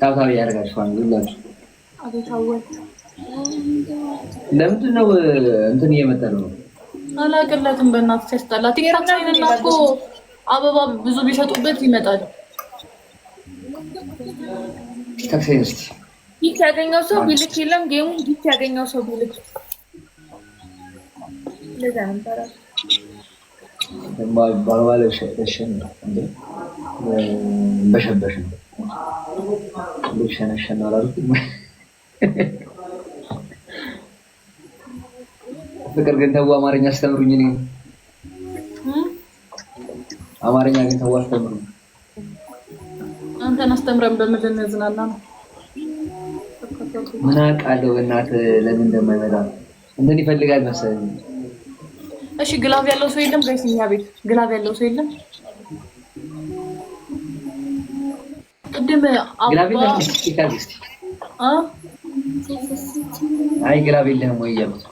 ታብታብ ያደርጋችኋል ሁላችሁ። ለምንድን ነው እንትን እየመጣ ነው? አላቅለትም። በእናት ያስጠላት። የራሳይን እናት እኮ አበባ ብዙ ቢሸጡበት ይመጣል። ተክሰኝ እስኪ ጊት ያገኘው ሰው ቢልክ የለም ጌሙ ጊት ያገኘው ሰው ቢልክ ለዛ ነበረ በሸበሽ ነው ልጅ ሸነሸን አላልኩም። ፍቅር ግን ተው አማርኛ አስተምሩኝ። እኔ አማርኛ ግን ተው አስተምሩኝ። አንተን አስተምረን በምድን ዝናና ነው ምን አውቃለሁ። በእናትህ ለምን እንደማይመጣ እንትን ይፈልጋል መሰለኝ። እሺ ግላብ ያለው ሰው የለም ጋይስ? እኛ ቤት ግላብ ያለው ሰው የለም። ቅድም ግራቪል አይ ግራቪ የለህም ወይ እያሉት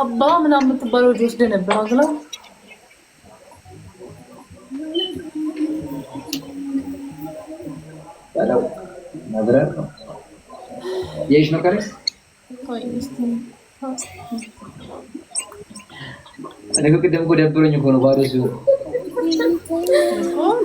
አባ ምናምን የምትባለው ልጅ ወስደ ነበር አግላ መብረር ነው የሽ ነው ቀረስ እኔ እኮ ቅድም እኮ ደብሮኝ እኮ ነው ባዶ ሲሆን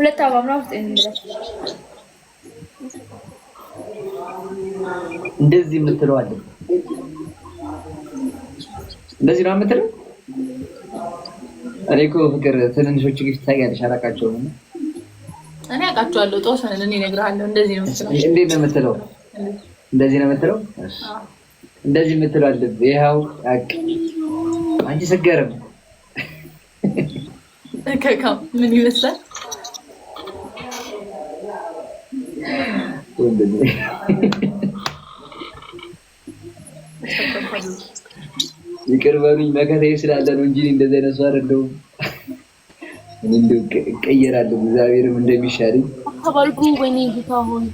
ሁለት አበባ ምናምን እንደዚህ የምትለው አለ። እንደዚህ ነው የምትለው። እኔ እኮ ፍቅር ትንንሾቹ ጊፍት ታያለሽ፣ አላውቃቸውም። እኔ አውቃቸዋለሁ። ጦስ እኔ እነግርሃለሁ። እንደዚህ ነው የምትለው። እንዴት ነው የምትለው? እንደዚህ ነው የምትለው። እንደዚህ የምትለው አለ። ይኸው አንቺ ስገርም ከካም ምን ይመስላል ይቅር በሉኝ መከታዬ ስላለ ነው እንጂ እንደዚህ አይነት ሰው አይደለሁም። እኔ እንደው እቀየራለሁ እግዚአብሔርም እንደሚሻለኝ ተባልኩ። ወይኔ ጌታ ሆይ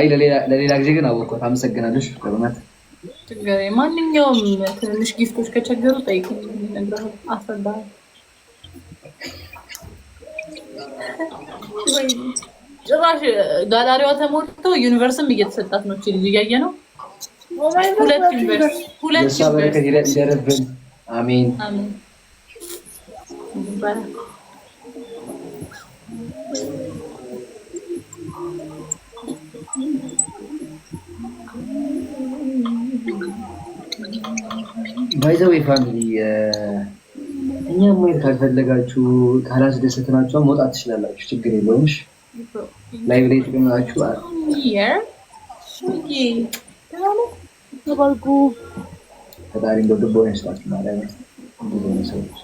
አይ ለሌላ ጊዜ ግን አወቅኳት። አመሰግናለሽ በእውነት ማንኛውም ትንንሽ ጊፍቶች ከቸገሩ ጠይቅ፣ አስረዳል ጭራሽ ጋላሪዋ ተሞልቶ ዩኒቨርስም እየተሰጣት ነው። ችል እያየ ነው። ሁለት ዩኒቨርስ ሁለት በረከት ፋሚሊ እኛ ማየት ካልፈለጋችሁ ካላስደሰትናችሁ መውጣት ትችላላችሁ። ችግር የለውም። እሺ ላይ ብላይ ፈጣሪ እንደው ልቦና ይስጣችሁ ማለት ነው ሰዎች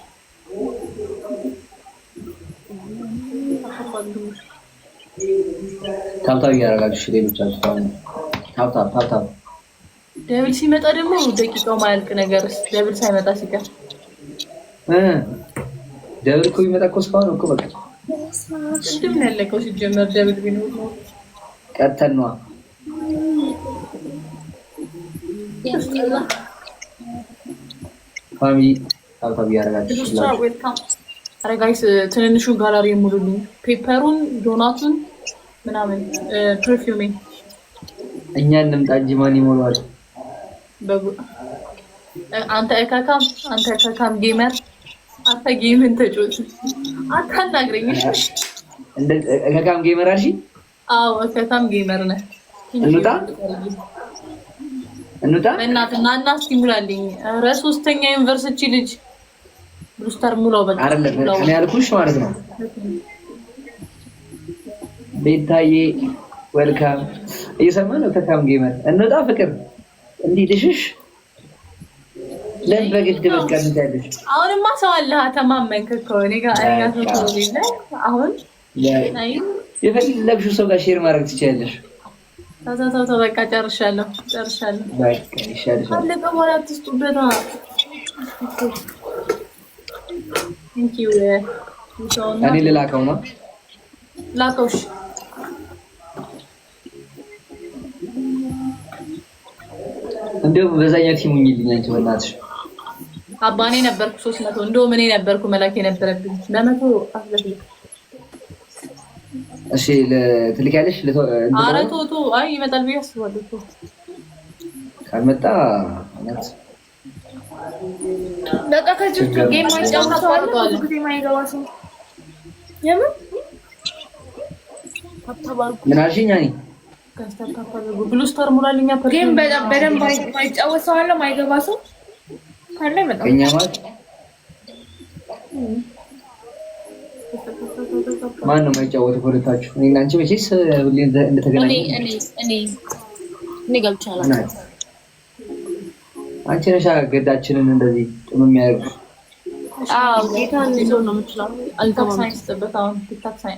ታብታብ እያደረጋችሁ ሌሎቻችሁ ታብታብ ታብታብ ደብል ሲመጣ ደግሞ ደቂቃው ማያልቅ ነገር ደብል ሳይመጣ ሲቀር ደብል እኮ ቢመጣ እኮ እስካሁን እኮ በቃ ቅድም ነው ያለቀው። ሲጀመር ደብል ቢኖር ነው ቀጥተን ነዋ። ፋሚሊ አልፋቢ አረጋሽ ትንንሹ ጋላሪ የሙሉልኝ ፔፐሩን፣ ዶናቱን ምናምን ፐርፊውሜ እኛ እንምጣ እንጂ ማን ይሞላዋል? አንተ እካካም አንተ እካካም ጌመር አታጌ ምን ተጫወች አታናግረኝ። ከካም ጌመር አልሽ? አዎ ከካም ጌመር ነህ። እንውጣ እንውጣ። በእናትና እና እስኪ ሙላልኝ። ኧረ ሶስተኛ ዩኒቨርሲቲ ልጅ ሙላው። በቃ እኔ ያልኩሽ ማለት ነው። ቤታዬ ወልካም እየሰማ ነው። ጌመር እንውጣ። ፍቅር እንዲህ ድሽሽ ለምን በግድ በቀምታለች? አሁንማ ሰው አለህ ተማመንክ እኮ እኔ ጋር አሁን የፈለግሽው ሰው ጋር ሼር ማድረግ ትችላለሽ። ተው ተው በቃ ጨርሻለሁ፣ ጨርሻለሁ። አለቀ ማለት ትስጡበት። እኔ ልላከው ነው ላከውሽ እንዲሁም በዛኛው ቲሙኝ ልኛቸው በእናትሽ አባኔ ነበርኩ ሶስት መቶ እንደውም እኔ ነበርኩ መላክ የነበረብኝ ለመቶ እሺ ትልኪያለሽ። ኧረ ቶ አይ ይመጣል ብዬ አስባለሁ። ካልመጣ በቃ ከዚህ ጌም ምን አልሽኝ? ብሉ ስታር ሙላልኛ በደንብ ማይጫወት ሰው አለ ማይገባ ሰው ማን ነው የማይጫወተው? በሁለታችሁ እኔ እና አንቺ መቼስ እንደተገናኘን አንቺ ነሻ ገዳችንን እንደዚህ ጥም የሚያደርጉት።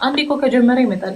አንዴ እኮ ከጀመረ ይመጣል።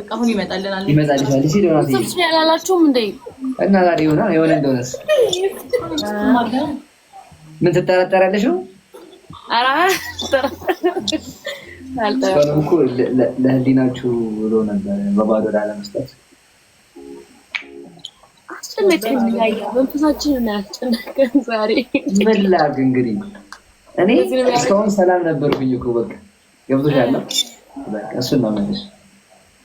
በቃ አሁን ይመጣልናል እሺ ያላላችሁም እና ዛሬ ሆና የሆነ እንደሆነስ ምን ኧረ እኮ ለህሊናችሁ ብሎ ነበር በባዶ ላለመስጠት አስጨነቀኝ። ያያ ምን ላድርግ እንግዲህ እኔ እስካሁን ሰላም ነበርኩኝ እኮ በቃ ገብቶሻል። እሱን ነው መልሽ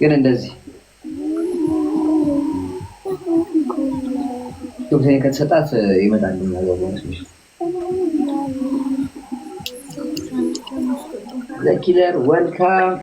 ግን እንደዚህ ዶክተር ከተሰጣት ይመጣል። ዘኪለር ወልካም